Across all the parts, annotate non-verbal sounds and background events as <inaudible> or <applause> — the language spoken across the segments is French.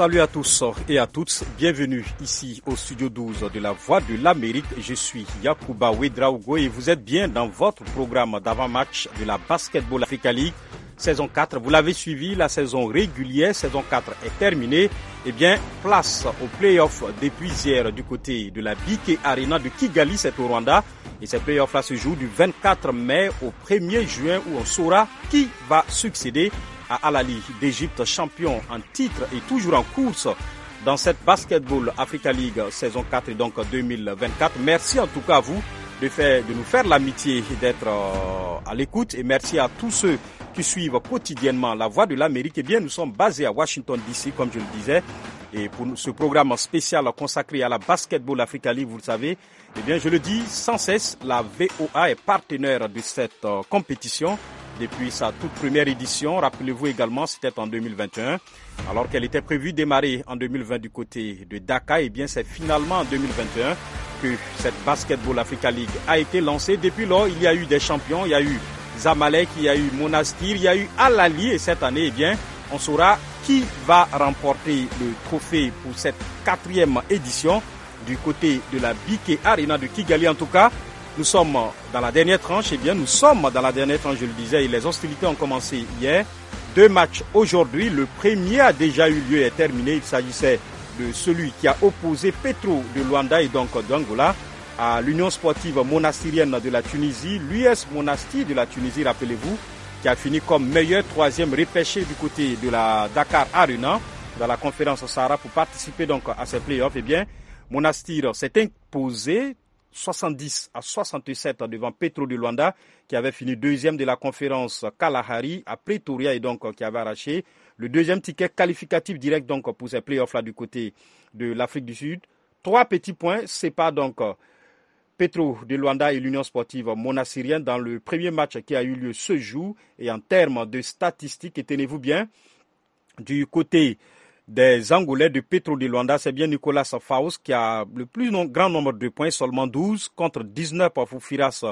Salut à tous et à toutes, bienvenue ici au studio 12 de la Voix de l'Amérique. Je suis Yakuba Ouedraogo et vous êtes bien dans votre programme d'avant-match de la Basketball Africa League saison 4. Vous l'avez suivi, la saison régulière, saison 4 est terminée. Eh bien, place au playoff depuis hier du côté de la BK Arena de Kigali, c'est au Rwanda. Et ces playoffs-là se jouent du 24 mai au 1er juin où on saura qui va succéder à Al Ali d'Égypte, champion en titre et toujours en course dans cette Basketball Africa League saison 4 et donc 2024. Merci en tout cas à vous de, faire, de nous faire l'amitié d'être euh, à l'écoute et merci à tous ceux qui suivent quotidiennement la voix de l'Amérique. Eh bien, nous sommes basés à Washington DC, comme je le disais. Et pour ce programme spécial consacré à la Basketball Africa League, vous le savez, eh bien, je le dis sans cesse, la VOA est partenaire de cette euh, compétition depuis sa toute première édition. Rappelez-vous également, c'était en 2021. Alors qu'elle était prévue démarrer en 2020 du côté de Dakar, et eh bien c'est finalement en 2021 que cette Basketball Africa League a été lancée. Depuis lors, il y a eu des champions, il y a eu Zamalek, il y a eu Monastir, il y a eu Alali et cette année, eh bien, on saura qui va remporter le trophée pour cette quatrième édition du côté de la BK Arena de Kigali en tout cas. Nous sommes dans la dernière tranche, et eh bien nous sommes dans la dernière tranche, je le disais, les hostilités ont commencé hier. Deux matchs aujourd'hui, le premier a déjà eu lieu et terminé. Il s'agissait de celui qui a opposé Petro de Luanda et donc d'Angola à l'Union sportive monastirienne de la Tunisie, l'US Monastir de la Tunisie, rappelez-vous, qui a fini comme meilleur troisième repêché du côté de la Dakar Arena dans la conférence Sahara pour participer donc à ces playoffs. Eh bien, Monastir s'est imposé 70 à 67 devant Petro de Luanda, qui avait fini deuxième de la conférence Kalahari à Pretoria et donc qui avait arraché le deuxième ticket qualificatif direct donc pour ces playoffs là du côté de l'Afrique du Sud. Trois petits points séparent donc Petro de Luanda et l'Union sportive monassyrienne dans le premier match qui a eu lieu ce jour. Et en termes de statistiques, tenez-vous bien, du côté des Angolais de Petro de Luanda, c'est bien Nicolas Faust qui a le plus grand nombre de points, seulement 12 contre 19 pour Foufiras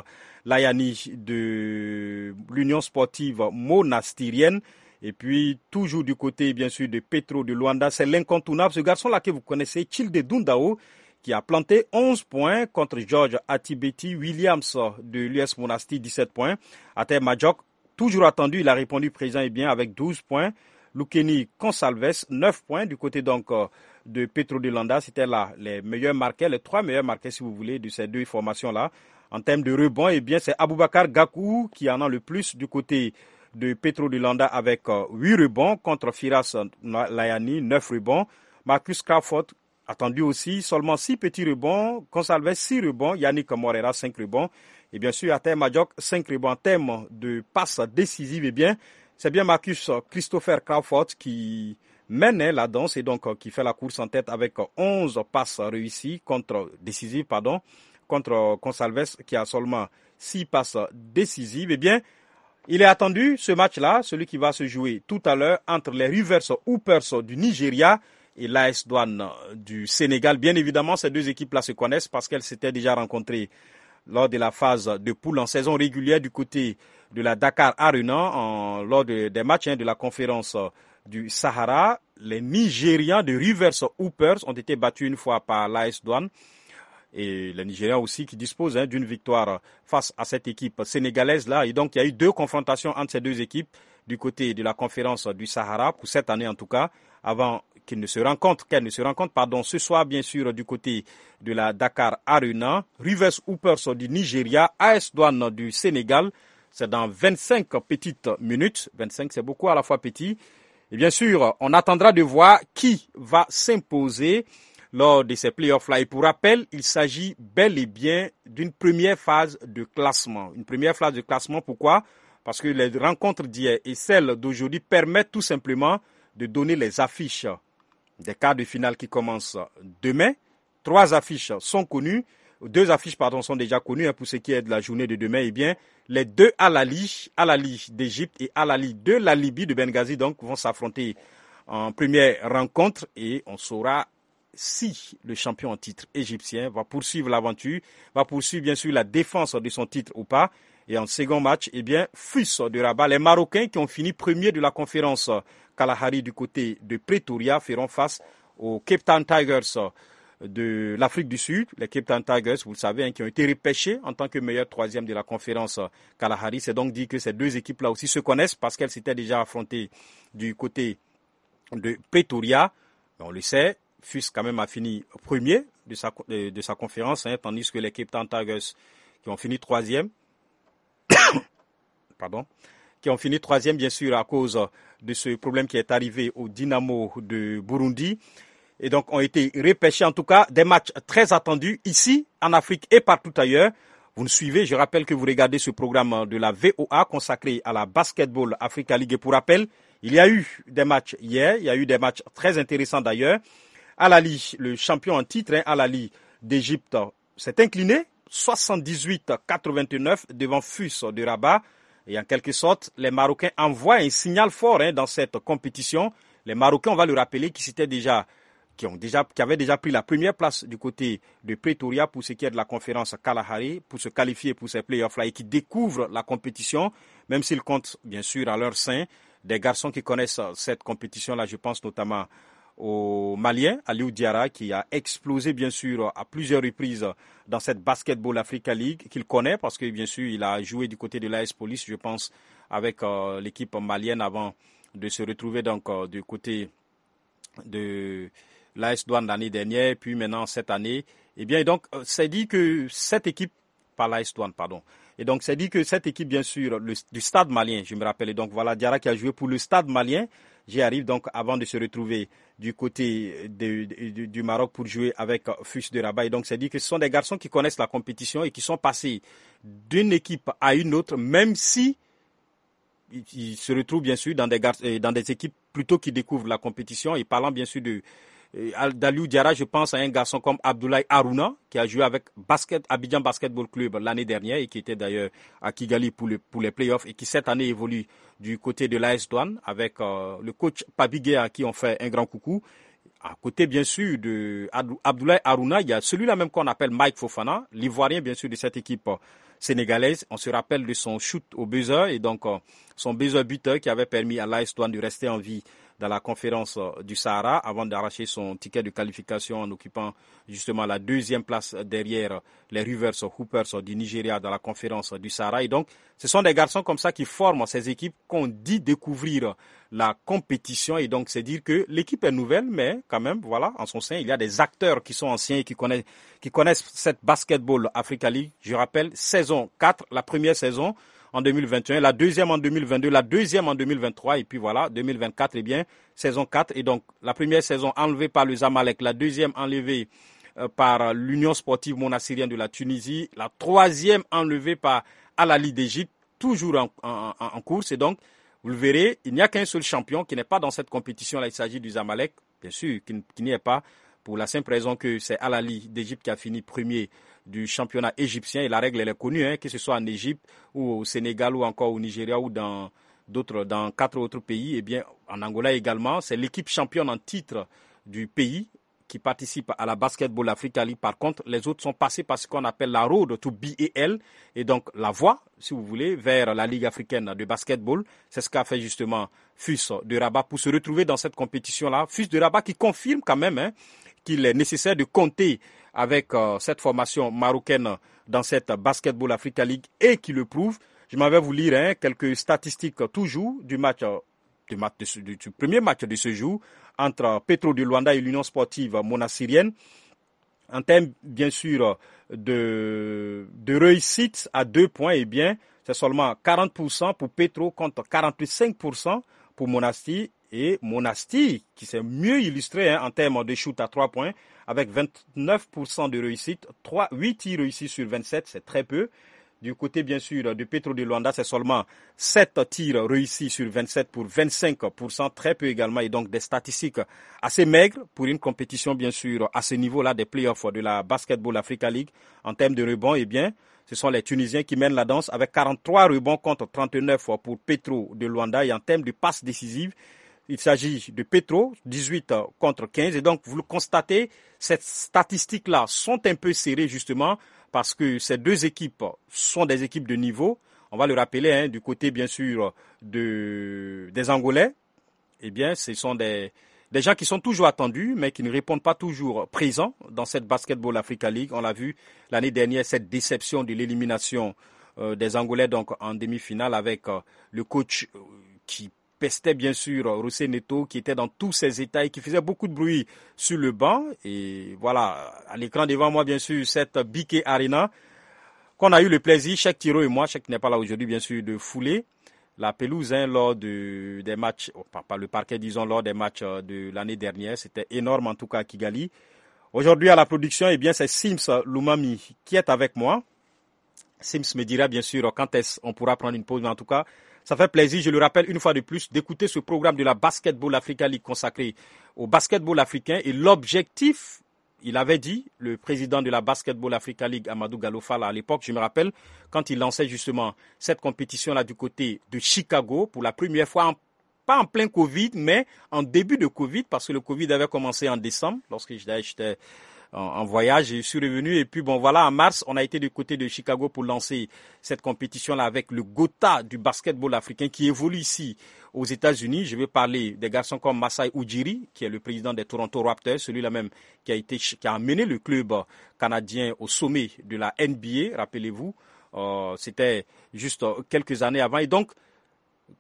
Layani de l'Union sportive monastirienne. Et puis, toujours du côté, bien sûr, de Petro de Luanda, c'est l'incontournable, ce garçon-là que vous connaissez, Childe Dundao, qui a planté 11 points contre George Atibeti Williams de l'US Monastir, 17 points. Ater Majok, toujours attendu, il a répondu présent et bien avec 12 points. Lukeni, Consalves, 9 points du côté donc euh, de Petro de Landa. C'était là les meilleurs marqués, les trois meilleurs marqués, si vous voulez, de ces deux formations-là. En termes de rebond, eh bien, c'est Aboubakar Gakou qui en a le plus du côté de Petro de Landa avec 8 euh, rebonds contre Firas Layani, 9 rebonds. Marcus Crawford, attendu aussi, seulement 6 petits rebonds. Consalves, 6 rebonds. Yannick Morera, 5 rebonds. Et bien sûr, à Majok, 5 rebonds. En termes de passes décisives, eh bien, c'est bien Marcus euh, Christopher Crawford qui mène la danse et donc euh, qui fait la course en tête avec 11 euh, passes réussies contre décisives pardon contre Consalves qui a seulement 6 passes décisives. Eh bien, il est attendu ce match-là, celui qui va se jouer tout à l'heure entre les Rivers Hoopers du Nigeria et l'AS Douane du Sénégal. Bien évidemment, ces deux équipes-là se connaissent parce qu'elles s'étaient déjà rencontrées lors de la phase de poule en saison régulière du côté de la Dakar Aruna en, lors des matchs hein, de la conférence euh, du Sahara. Les Nigériens de Rivers Hoopers ont été battus une fois par l'AS Douane. Et les Nigériens aussi qui disposent hein, d'une victoire face à cette équipe sénégalaise-là. Et donc, il y a eu deux confrontations entre ces deux équipes du côté de la conférence du Sahara, pour cette année en tout cas, avant ne se rencontrent, qu'elles ne se rencontrent, pardon, ce soir bien sûr du côté de la Dakar Arena, Rivers Hoopers du Nigeria, AS Douane du Sénégal, c'est dans 25 petites minutes. 25, c'est beaucoup à la fois petit. Et bien sûr, on attendra de voir qui va s'imposer lors de ces playoffs-là. Et pour rappel, il s'agit bel et bien d'une première phase de classement. Une première phase de classement, pourquoi Parce que les rencontres d'hier et celles d'aujourd'hui permettent tout simplement de donner les affiches des quarts de finale qui commencent demain. Trois affiches sont connues deux affiches sont déjà connues hein, pour ce qui est de la journée de demain. Eh bien, les deux al Lige d'Égypte et Alali de la Libye de Benghazi, donc, vont s'affronter en première rencontre et on saura si le champion en titre égyptien va poursuivre l'aventure, va poursuivre bien sûr la défense de son titre ou pas. Et en second match, eh bien, Fus de Rabat, les Marocains qui ont fini premier de la conférence Kalahari du côté de Pretoria feront face aux Cape Town Tigers de l'Afrique du Sud, les Cape Tigers, vous le savez, hein, qui ont été repêchés en tant que meilleur troisième de la conférence Kalahari. C'est donc dit que ces deux équipes-là aussi se connaissent parce qu'elles s'étaient déjà affrontées du côté de Pretoria. On le sait, Fus quand même a fini premier de sa, de, sa conférence, hein, tandis que les Cape Tigers, qui ont fini troisième, <coughs> pardon, qui ont fini troisième, bien sûr, à cause de ce problème qui est arrivé au Dynamo de Burundi et donc ont été repêchés. En tout cas, des matchs très attendus ici, en Afrique et partout ailleurs. Vous nous suivez, je rappelle que vous regardez ce programme de la VOA consacré à la Basketball Africa League. Et pour rappel, il y a eu des matchs hier, il y a eu des matchs très intéressants d'ailleurs. Alali, le champion en titre, hein, Alali d'Égypte, s'est incliné 78-89 devant Fus de Rabat. Et en quelque sorte, les Marocains envoient un signal fort hein, dans cette compétition. Les Marocains, on va le rappeler, qui s'étaient déjà qui, ont déjà, qui avaient déjà pris la première place du côté de Pretoria pour ce qui est de la conférence Kalahari, pour se qualifier pour ces playoffs-là et qui découvrent la compétition, même s'ils comptent bien sûr à leur sein des garçons qui connaissent cette compétition-là. Je pense notamment au Malien, Aliou Diara, qui a explosé bien sûr à plusieurs reprises dans cette Basketball Africa League, qu'il connaît parce que bien sûr il a joué du côté de l'AS Police, je pense, avec euh, l'équipe malienne avant de se retrouver donc euh, du côté de l'AS Douane l'année dernière, puis maintenant cette année. Et eh bien, donc, euh, c'est dit que cette équipe, par l'AS Douane, pardon, et donc, c'est dit que cette équipe, bien sûr, du stade malien, je me rappelle, et donc voilà, Diarra qui a joué pour le stade malien, j'y arrive donc avant de se retrouver du côté du Maroc pour jouer avec euh, Fus de Rabat. Et donc, c'est dit que ce sont des garçons qui connaissent la compétition et qui sont passés d'une équipe à une autre, même si ils se retrouvent bien sûr dans des, euh, dans des équipes plutôt qui découvrent la compétition et parlant bien sûr de, Daliou Diarra, je pense à un garçon comme Abdoulaye Aruna, qui a joué avec basket, Abidjan Basketball Club l'année dernière et qui était d'ailleurs à Kigali pour, les pour les playoffs et qui cette année évolue du côté de l'AS Douane avec euh, le coach Pabigué à qui on fait un grand coucou. À côté, bien sûr, de Abdoulaye Aruna, il y a celui-là même qu'on appelle Mike Fofana, l'ivoirien, bien sûr, de cette équipe euh, sénégalaise. On se rappelle de son shoot au buzzer et donc euh, son buzzer buteur qui avait permis à l'AS Douane de rester en vie dans la conférence euh, du Sahara avant d'arracher son ticket de qualification en occupant justement la deuxième place derrière les Rivers Hoopers du Nigeria dans la conférence du Sahara. Et donc, ce sont des garçons comme ça qui forment ces équipes qu'on dit découvrir la compétition. Et donc, c'est dire que l'équipe est nouvelle, mais quand même, voilà, en son sein, il y a des acteurs qui sont anciens et qui connaissent, cette Basketball Africa League. Je rappelle, saison 4, la première saison en 2021, la deuxième en 2022, la deuxième en 2023 et puis voilà, 2024, eh bien, saison 4. Et donc, la première saison enlevée par le Zamalek, la deuxième enlevée euh, par l'Union sportive monassyrienne de la Tunisie, la troisième enlevée par Al-Ali d'Égypte, toujours en, course. Et donc, vous le verrez, il n'y a qu'un seul champion qui n'est pas dans cette compétition-là. Il s'agit du Zamalek, bien sûr, qui, n'y est pas, pour la simple raison que c'est Al-Ali d'Égypte qui a fini premier du championnat égyptien. Et la règle, elle est connue, hein, que ce soit en Égypte ou au Sénégal ou encore au Nigeria ou dans d'autres, dans quatre autres pays. Et eh bien, en Angola également, c'est l'équipe championne en titre du pays qui participe à la Basketball Africa League. Par contre, les autres sont passés par ce qu'on appelle la road to BEL et donc la voie, si vous voulez, vers la Ligue africaine de basketball. C'est ce qu'a fait justement FUS de Rabat pour se retrouver dans cette compétition-là. FUS de Rabat qui confirme quand même hein, qu'il est nécessaire de compter avec euh, cette formation marocaine dans cette Basketball Africa League et qui le prouve. Je m'en vais vous lire hein, quelques statistiques toujours du match, euh, du, match du, premier match de ce jour entre Petro de Luanda et l'Union sportive monassirienne. En termes, bien sûr, de, de réussite à deux points, eh bien, c'est seulement 40% pour Petro contre 45% pour Monastir et Monasti, qui s'est mieux illustré hein, en termes de shoot à 3 points, avec 29% de réussite, 3, 8 tirs réussis sur 27, c'est très peu. Du côté, bien sûr, de Petro de Luanda, c'est seulement 7 tirs réussis sur 27 pour 25%, très peu également, et donc des statistiques assez maigres pour une compétition, bien sûr, à ce niveau-là des playoffs de la Basketball Africa League. En termes de rebonds, eh bien, ce sont les Tunisiens qui mènent la danse avec 43 rebonds contre 39 pour Petro de Luanda, et en termes de passes décisives, il s'agit de Petro, 18 contre 15. Et donc, vous le constatez, ces statistiques-là sont un peu serrées justement parce que ces deux équipes sont des équipes de niveau. On va le rappeler, hein, du côté bien sûr des Angolais, eh bien, ce sont des, gens qui sont toujours attendus, mais qui ne répondent pas toujours présents dans cette Basketball Africa League. On l'a vu l'année dernière, cette déception de l'élimination euh, des Angolais donc en demi-finale avec euh, le coach euh, qui pestait bien sûr Rossé Neto qui était dans tous ses états et qui faisait beaucoup de bruit sur le banc. Et voilà, à l'écran devant moi bien sûr cette biquet Arena qu'on a eu le plaisir, chaque Tiro et moi, chaque n'est pas là aujourd'hui bien sûr, de fouler la pelouse hein, lors des matchs, oh, pas, le parquet disons, lors des matchs euh, de l'année dernière. C'était énorme en tout cas à Kigali. Aujourd'hui à la production, eh bien c'est Sims Lumami qui est avec moi. Sims me dira bien sûr quand est-ce on pourra prendre une pause, mais en tout cas, ça fait plaisir, je le rappelle une fois de plus, d'écouter ce programme de la Basketball Africa League consacré au basketball africain et l'objectif il avait dit, le président de la Basketball Africa League, Amadou Galofala, à l'époque, je me rappelle, quand il lançait justement cette compétition-là du côté de Chicago, pour la première fois, pas en plein Covid, mais en début de Covid, parce que le Covid avait commencé en décembre, lorsque j'étais en, voyage. Je suis revenu et puis bon voilà, en mars, on a été du côté de Chicago pour lancer cette compétition-là avec le Gotha du basketball africain qui évolue ici aux États-Unis. Je vais parler des garçons comme Masai Ujiri, qui est le président des Toronto Raptors, celui-là même qui a, été, qui a amené le club canadien au sommet de la NBA, rappelez-vous. Euh, c'était juste euh, quelques années avant. Et donc,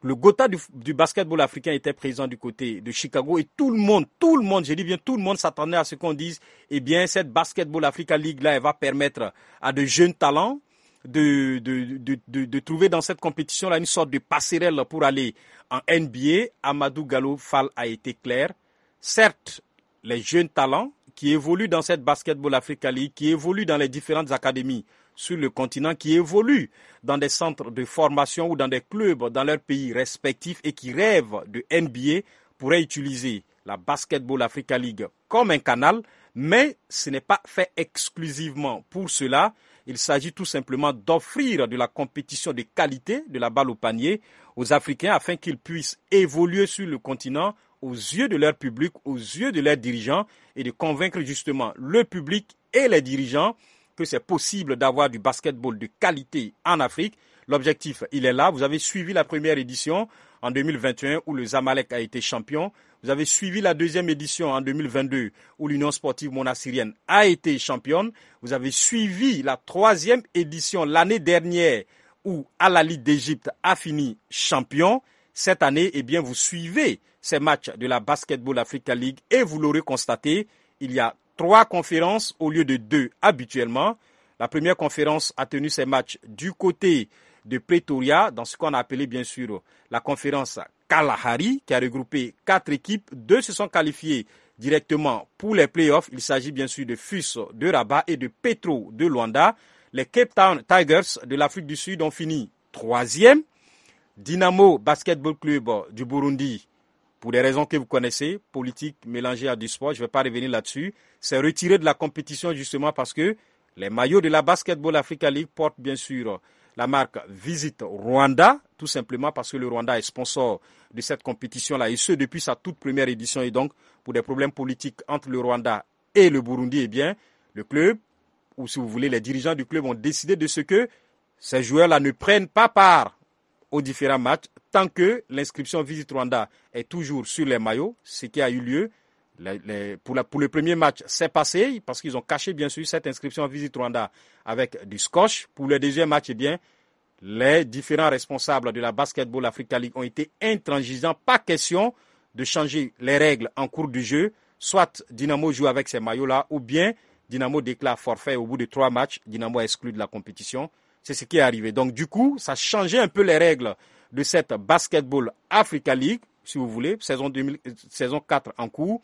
le Gotha du, basketball africain était présent du côté de Chicago et tout le monde, tout le monde, j'ai dit bien tout le monde s'attendait à ce qu'on dise, eh bien, cette Basketball Africa League là, elle va permettre à de jeunes talents de, de trouver dans cette compétition là une sorte de passerelle pour aller en NBA. Amadou Gallo Fall a été clair. Certes, les jeunes talents qui évoluent dans cette Basketball Africa League, qui évoluent dans les différentes académies sur le continent qui évoluent dans des centres de formation ou dans des clubs dans leurs pays respectifs et qui rêvent de NBA pourraient utiliser la Basketball Africa League comme un canal, mais ce n'est pas fait exclusivement pour cela. Il s'agit tout simplement d'offrir de la compétition de qualité de la balle au panier aux Africains afin qu'ils puissent évoluer sur le continent aux yeux de leur public, aux yeux de leurs dirigeants et de convaincre justement le public et les dirigeants que c'est possible d'avoir du basketball de qualité en Afrique. L'objectif, il est là. Vous avez suivi la première édition en 2021 où le Zamalek a été champion. Vous avez suivi la deuxième édition en 2022 où l'Union sportive monassirienne a été championne. Vous avez suivi la troisième édition l'année dernière où Al-Ali d'Égypte a fini champion. Cette année, eh bien, vous suivez ces matchs de la Basketball Africa League et vous l'aurez constaté, il y a trois conférences au lieu de deux habituellement. La première conférence a tenu ses matchs du côté de Pretoria, dans ce qu'on a appelé bien sûr la conférence Kalahari, qui a regroupé quatre équipes. Deux se sont qualifiées directement pour les playoffs. Il s'agit bien sûr de FUS de Rabat et de Petro de Luanda. Les Cape Town Tigers de l'Afrique du Sud ont fini troisième. Dynamo Basketball Club du Burundi pour des raisons que vous connaissez, politique mélangée à du sport, je ne vais pas revenir là-dessus, C'est retiré de la compétition justement parce que les maillots de la Basketball Africa League portent bien sûr la marque Visite Rwanda, tout simplement parce que le Rwanda est sponsor de cette compétition-là, et ce depuis sa toute première édition. Et donc, pour des problèmes politiques entre le Rwanda et le Burundi, eh bien, le club, ou si vous voulez, les dirigeants du club ont décidé de ce que ces joueurs-là ne prennent pas part aux différents matchs tant que l'inscription Visite Rwanda est toujours sur les maillots, ce qui a eu lieu. pour, le premier match, c'est passé parce qu'ils ont caché bien sûr cette inscription Visite Rwanda avec du scotch. Pour le deuxième match, eh bien, les différents responsables de la Basketball Africa League ont été intransigeants. Pas question de changer les règles en cours du jeu. Soit Dynamo joue avec ces maillots-là ou bien Dynamo déclare forfait au bout de trois matchs. Dynamo est de la compétition. C'est ce qui est arrivé. Donc du coup, ça changé un peu les règles de cette Basketball Africa League, si vous voulez, saison, 4 euh, en cours.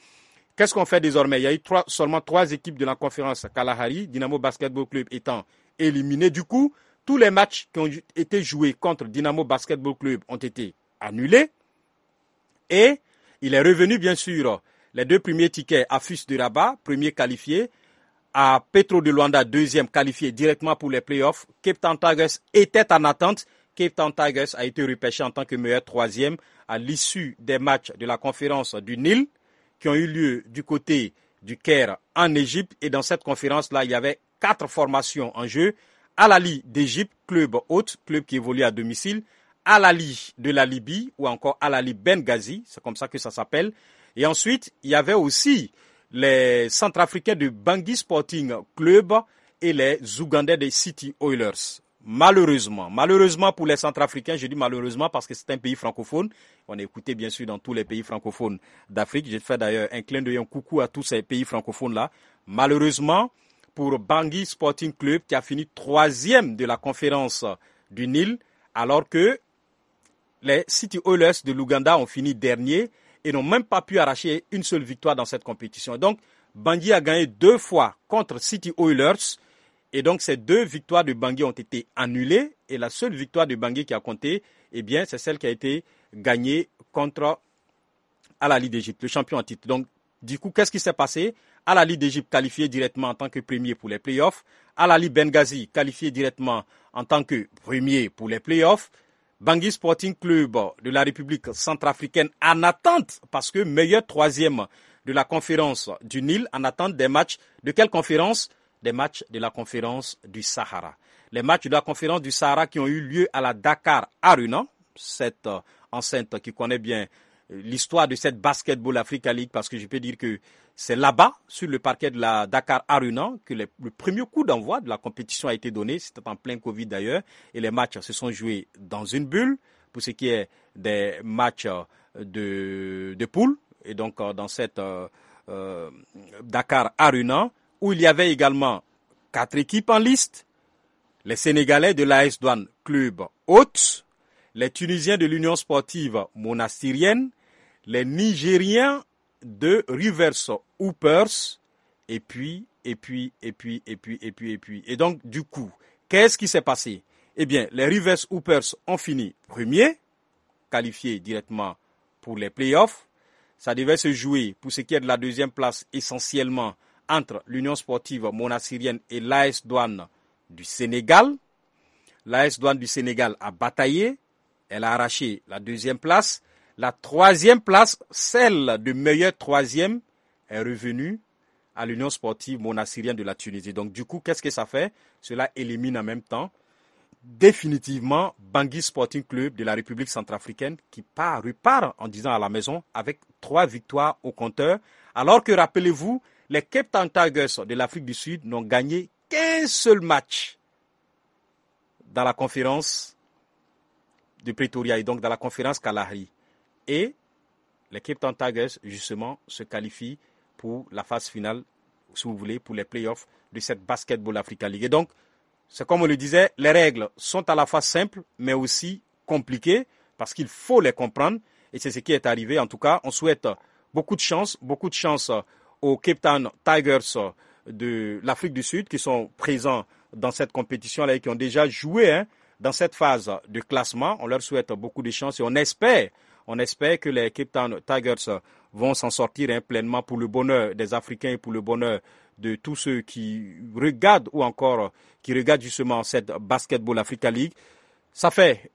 Qu'est-ce qu'on fait désormais Il y a eu seulement trois équipes de la conférence Kalahari, Dynamo Basketball Club étant éliminé. Du coup, tous les matchs qui ont été joués contre Dynamo Basketball Club ont été annulés. Et il est revenu, bien sûr, les deux premiers tickets à Fus de Rabat, premier qualifié, à Petro de Luanda, deuxième qualifié directement pour les playoffs. Cape Town Tigers était en attente. Cape Town Tigers a été repêché en tant que meilleur troisième à l'issue des matchs de la conférence du Nil qui ont eu lieu du côté du Caire en Égypte. Et dans cette conférence-là, il y avait quatre formations en jeu. Al-Ali d'Égypte, club hôte, club qui évolue à domicile. Al-Ali de la Libye ou encore Al-Ali Benghazi, c'est comme ça que ça s'appelle. Et ensuite, il y avait aussi les Centrafricains de Bangui Sporting Club et les Ougandais des City Oilers. Malheureusement, malheureusement pour les Centrafricains, je dis malheureusement parce que c'est un pays francophone. On a écouté bien sûr dans tous les pays francophones d'Afrique. J'ai fait d'ailleurs un clin d'œil, un coucou à tous ces pays francophones-là. Malheureusement pour Bangui Sporting Club qui a fini troisième de la conférence du Nil alors que les City Oilers de l'Ouganda ont fini dernier et n'ont même pas pu arracher une seule victoire dans cette compétition. Donc, Bangui a gagné deux fois contre City Oilers. Et donc, ces deux victoires de Bangui ont été annulées. Et la seule victoire de Bangui qui a compté, eh bien, c'est celle qui a été gagnée contre à la Ligue d'Égypte, le champion en titre. Donc, du coup, qu'est-ce qui s'est passé À la Ligue d'Égypte Qualifié directement en tant que premier pour les playoffs, à la Ligue Benghazi qualifié directement en tant que premier pour les playoffs, Bangui Sporting Club de la République centrafricaine en attente, parce que meilleur troisième de la conférence du Nil, en attente des matchs de quelle conférence Des matchs de la conférence du Sahara. Les matchs de la conférence du Sahara qui ont eu lieu à la Dakar aruna cette euh, enceinte qui connaît bien l'histoire de cette Basketball Africa League parce que je peux dire que c'est là-bas, sur le parquet de la Dakar Arunan, que le premier coup d'envoi de la compétition a été donné. C'était en plein Covid d'ailleurs. Et les matchs se sont joués dans une bulle pour ce qui est des matchs euh, de, de poule. Et donc, euh, dans cette euh, Dakar Arunan, où il y avait également quatre équipes en liste. Les Sénégalais de l'AS Douane Club Haute, les Tunisiens de l'Union sportive monastirienne, les Nigériens de Rivers Hoopers, et puis, et puis, et puis, et puis, et puis, et puis. Et donc, du coup, qu'est-ce qui s'est passé Eh bien, les Rivers Hoopers ont fini premier, qualifiés directement pour les playoffs. Ça devait se jouer pour ce qui est de la deuxième place essentiellement entre l'Union sportive Monastirienne et l'AS Douane du Sénégal. L'AS Douane du Sénégal a bataillé. Elle a arraché la deuxième place. La troisième place, celle du meilleur troisième, est revenue à l'Union sportive monassyrienne de la Tunisie. Donc du coup, qu'est-ce que ça fait Cela élimine en même temps définitivement Bangui Sporting Club de la République centrafricaine qui part, repart en disant à la maison avec trois victoires au compteur. Alors que, rappelez-vous, les Cape Town Tigers de l'Afrique du Sud n'ont gagné qu'un seul match dans la conférence de Pretoria et donc dans la conférence Kalahari. Et l'équipe Tigers, justement, se qualifie pour la phase finale, si vous voulez, pour les playoffs de cette Basketball Africa League. Et donc, c'est comme on le disait, les règles sont à la fois simples, mais aussi compliquées, parce qu'il faut les comprendre. Et c'est ce qui est arrivé. En tout cas, on souhaite beaucoup de chance, beaucoup de chance aux Cape Town Tigers de l'Afrique du Sud qui sont présents dans cette compétition-là et qui ont déjà joué hein, dans cette phase de classement. On leur souhaite beaucoup de chance et on espère, on espère que les Cape Town Tigers vont s'en sortir hein, pleinement pour le bonheur des Africains et pour le bonheur de tous ceux qui regardent ou encore qui regardent justement cette Basketball Africa League. Ça fait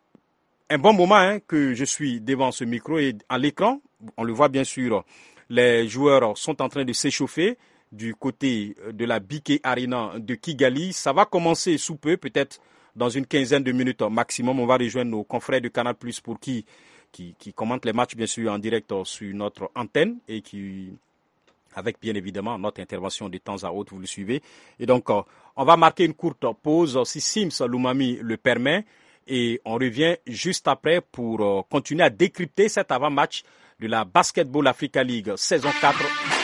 un bon moment hein, que je suis devant ce micro et à l'écran, on le voit bien sûr, les joueurs sont en train de s'échauffer du côté de la Biké Arena de Kigali. Ça va commencer sous peu, peut-être dans une quinzaine de minutes maximum. On va rejoindre nos confrères du Canal Plus pour qui, qui, qui commentent les matchs, bien sûr, en direct euh, sur notre antenne et qui avec bien évidemment notre intervention de temps à autre, vous le suivez. Et donc, euh, on va marquer une courte pause, si Sims Lumami le permet, et on revient juste après pour euh, continuer à décrypter cet avant-match de la Basketball Africa League saison 4.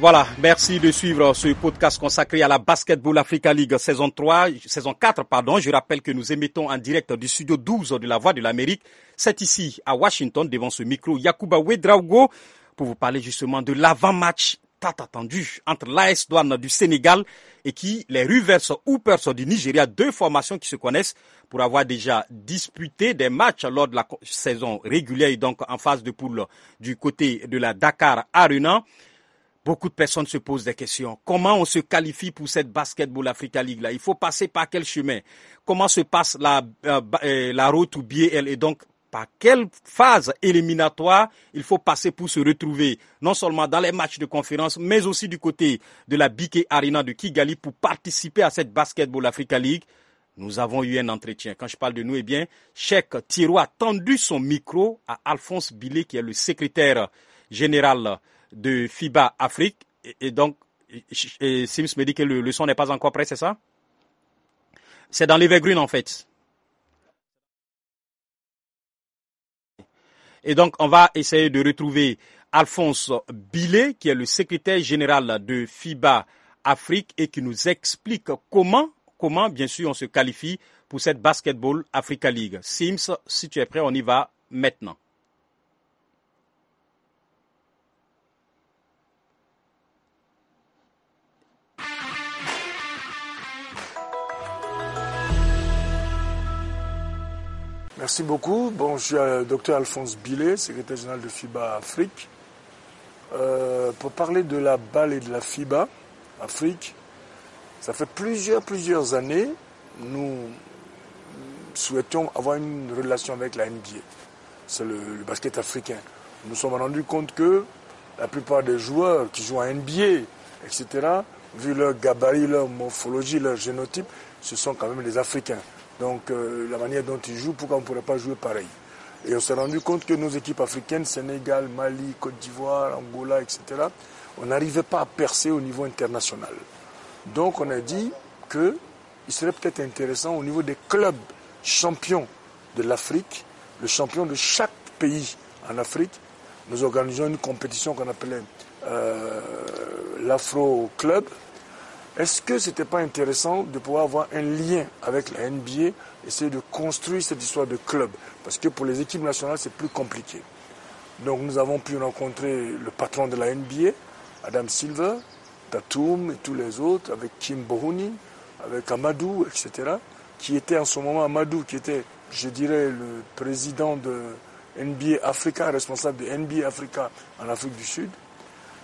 Voilà, merci de suivre ce podcast consacré à la Basketball Africa League saison 3, saison 4, pardon. Je rappelle que nous émettons en direct du studio 12 de la Voix de l'Amérique. C'est ici, à Washington, devant ce micro, Yakuba Wedraugo pour vous parler justement de l'avant-match tant attendu entre l'AS Douane du Sénégal et qui, les Rivers Hoopers du Nigeria, deux formations qui se connaissent pour avoir déjà disputé des matchs lors de la saison régulière et donc en phase de poule du côté de la Dakar Arena beaucoup de personnes se posent des questions. Comment on se qualifie pour cette Basketball Africa League là Il faut passer par quel chemin Comment se passe la, euh, euh, route ou biais-elle et donc par quelle phase éliminatoire il faut passer pour se retrouver, non seulement dans les matchs de conférence, mais aussi du côté de la BK Arena de Kigali pour participer à cette Basketball Africa League. Nous avons eu un entretien. Quand je parle de nous, eh bien, Cheikh tiroir a tendu son micro à Alphonse Billet, qui est le secrétaire général de FIBA Afrique. Et, donc, Sims me dit que le, son n'est pas encore prêt, c'est ça C'est dans l'Evergreen, en fait. Et donc, on va essayer de retrouver Alphonse Billet, qui est le secrétaire général de FIBA Afrique et qui nous explique comment, comment, bien sûr, on se qualifie pour cette Basketball Africa League. Sims, si tu es prêt, on y va maintenant. Merci beaucoup. Bon, je suis euh, docteur Alphonse Billet, secrétaire général de FIBA Afrique. Euh, pour parler de la balle et de la FIBA Afrique, ça fait plusieurs, plusieurs années, nous souhaitons avoir une relation avec la NBA. C'est le, basket africain. Nous nous sommes rendus compte que la plupart des joueurs qui jouent à NBA, etc., vu leur gabarit, leur morphologie, leur génotype, ce sont quand même des Africains. Donc euh, la manière dont ils jouent, pourquoi on ne pourrait pas jouer pareil Et on s'est rendu compte que nos équipes africaines, Sénégal, Mali, Côte d'Ivoire, Angola, etc., on n'arrivait pas à percer au niveau international. Donc on a dit qu'il serait peut-être intéressant au niveau des clubs champions de l'Afrique, le champion de chaque pays en Afrique, nous organisons une compétition qu'on appelait euh, l'Afro Club, est-ce que ce n'était pas intéressant de pouvoir avoir un lien avec la NBA, essayer de construire cette histoire de club Parce que pour les équipes nationales, c'est plus compliqué. Donc nous avons pu rencontrer le patron de la NBA, Adam Silver, Tatum et tous les autres, avec Kim Bohuni, avec Amadou, etc., qui était en ce moment Amadou, qui était, je dirais, le président de NBA Africa, responsable de NBA Africa en Afrique du Sud.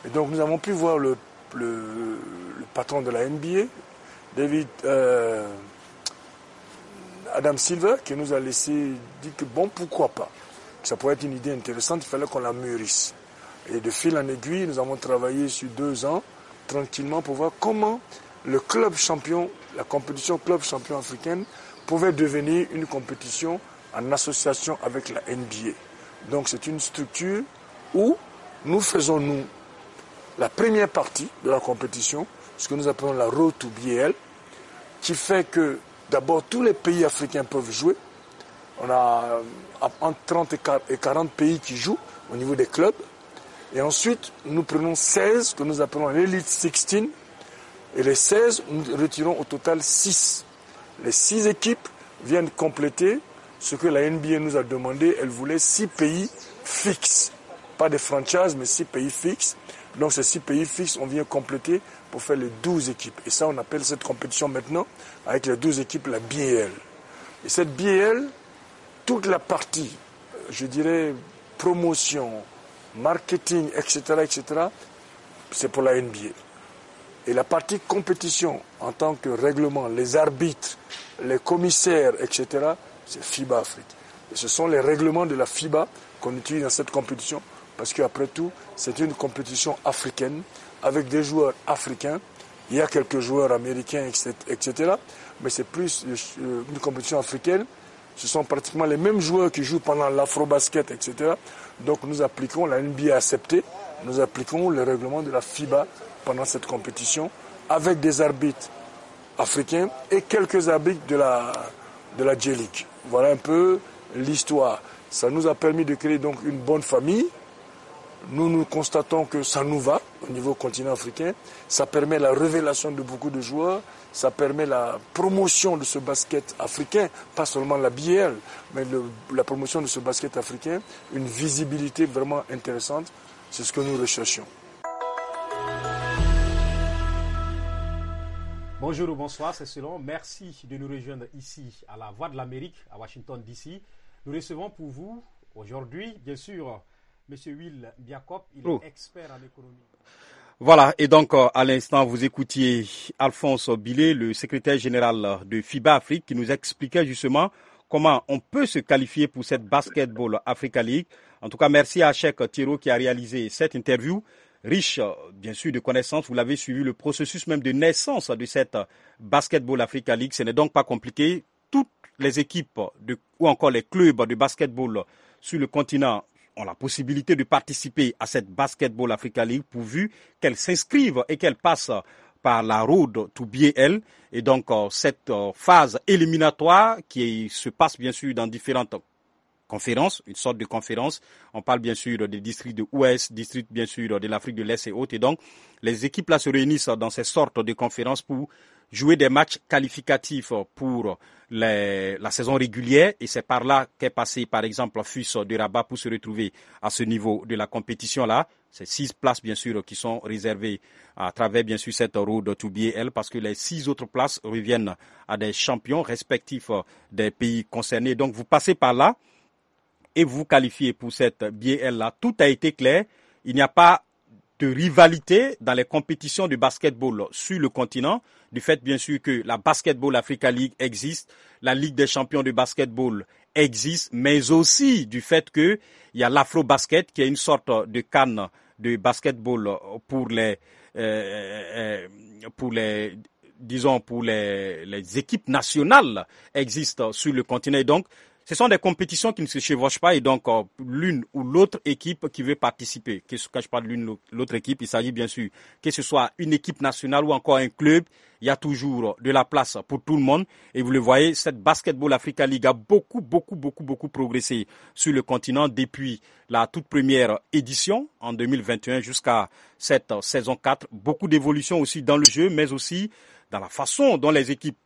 Et donc nous avons pu voir le le, patron de la NBA, David euh, Adam Silver, qui nous a laissé dit que bon, pourquoi pas Ça pourrait être une idée intéressante, il fallait qu'on la mûrisse. Et de fil en aiguille, nous avons travaillé sur deux ans, tranquillement, pour voir comment le club champion, la compétition club champion africaine, pouvait devenir une compétition en association avec la NBA. Donc c'est une structure où nous faisons, nous, la première partie de la compétition, ce que nous appelons la road to BL, qui fait que d'abord tous les pays africains peuvent jouer. On a euh, entre 30 et 40 pays qui jouent au niveau des clubs. Et ensuite, nous prenons 16 que nous appelons l'Elite 16. Et les 16, nous retirons au total 6. Les 6 équipes viennent compléter ce que la NBA nous a demandé. Elle voulait 6 pays fixes. Pas des franchises, mais 6 pays fixes donc ces six pays fixes, on vient compléter pour faire les 12 équipes. Et ça, on appelle cette compétition maintenant, avec les 12 équipes, la BL. Et cette BL, toute la partie, je dirais, promotion, marketing, etc., etc., c'est pour la NBA. Et la partie compétition, en tant que règlement, les arbitres, les commissaires, etc., c'est FIBA Afrique. Et ce sont les règlements de la FIBA qu'on utilise dans cette compétition parce qu'après tout, c'est une compétition africaine avec des joueurs africains. Il y a quelques joueurs américains, etc. Mais c'est plus euh, une compétition africaine. Ce sont pratiquement les mêmes joueurs qui jouent pendant l'afro-basket, etc. Donc nous appliquons, la NBA a accepté, nous appliquons le règlement de la FIBA pendant cette compétition avec des arbitres africains et quelques arbitres de la, de la Voilà un peu l'histoire. Ça nous a permis de créer donc une bonne famille nous, nous constatons que ça nous va au niveau continent africain. Ça permet la révélation de beaucoup de joueurs. Ça permet la promotion de ce basket africain, pas seulement la BL, mais la promotion de ce basket africain. Une visibilité vraiment intéressante. C'est ce que nous recherchons. Bonjour ou bonsoir, c'est Selon. Merci de nous rejoindre ici à la Voix de l'Amérique, à Washington DC. Nous recevons pour vous aujourd'hui, bien sûr, Monsieur Will Biacop, il est oh. expert en économie. Voilà, et donc euh, à l'instant, vous écoutiez Alphonse Billet, le secrétaire général de FIBA Afrique, qui nous expliquait justement comment on peut se qualifier pour cette Basketball Africa League. En tout cas, merci à Cheikh Thiro qui a réalisé cette interview, riche euh, bien sûr de connaissances. Vous l'avez suivi, le processus même de naissance de cette Basketball Africa League. Ce n'est donc pas compliqué. Toutes les équipes ou encore les clubs de basketball sur le continent ont la possibilité de participer à cette Basketball Africa League pourvu qu'elles s'inscrivent et qu'elles passent par la route to BL. Et donc, euh, cette euh, phase éliminatoire qui se passe bien sûr dans différentes conférences, une sorte de conférence. On parle bien sûr des districts de ouest, districts bien sûr de l'Afrique de l'Est et autres. Et donc, les équipes là se réunissent dans ces sortes de conférences pour jouer des matchs qualificatifs pour la saison régulière et c'est par là qu'est passé par exemple FUS de Rabat pour se retrouver à ce niveau de la compétition là. C'est six places bien sûr qui sont réservées à travers bien sûr cette road to BL parce que les six autres places reviennent à des champions respectifs des pays concernés. Donc vous passez par là et vous qualifiez pour cette BL là. Tout a été clair. Il n'y a pas de rivalité dans les compétitions de basketball sur le continent, du fait bien sûr que la Basketball Africa League existe, la Ligue des champions de basketball existe, mais aussi du fait il y a l'afro-basket qui est une sorte de canne de basketball pour les, euh, euh, pour les disons, pour les, les équipes nationales existent sur le continent. donc, ce sont des compétitions qui ne se chevauchent pas et donc euh, l'une ou l'autre équipe qui veut participer. Quand je parle de l'une ou l'autre équipe, il s'agit bien sûr que ce soit une équipe nationale ou encore un club, il y a toujours de la place pour tout le monde. Et vous le voyez, cette Basketball Africa League a beaucoup, beaucoup, beaucoup, beaucoup progressé sur le continent depuis la toute première édition en 2021 jusqu'à cette euh, saison 4. Beaucoup d'évolutions aussi dans le jeu, mais aussi dans la façon dont les équipes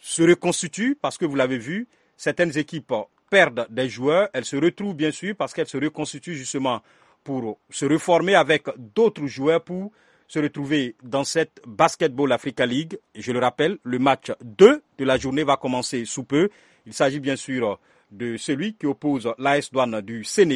se reconstituent parce que vous l'avez vu, certaines équipes perdent des joueurs, elles se retrouvent bien sûr parce qu'elles se reconstituent justement pour se reformer avec d'autres joueurs pour se retrouver dans cette Basketball Africa League. Je le rappelle, le match 2 de la journée va commencer sous peu. Il s'agit bien sûr de celui qui oppose l'AS Douane du Sénégal.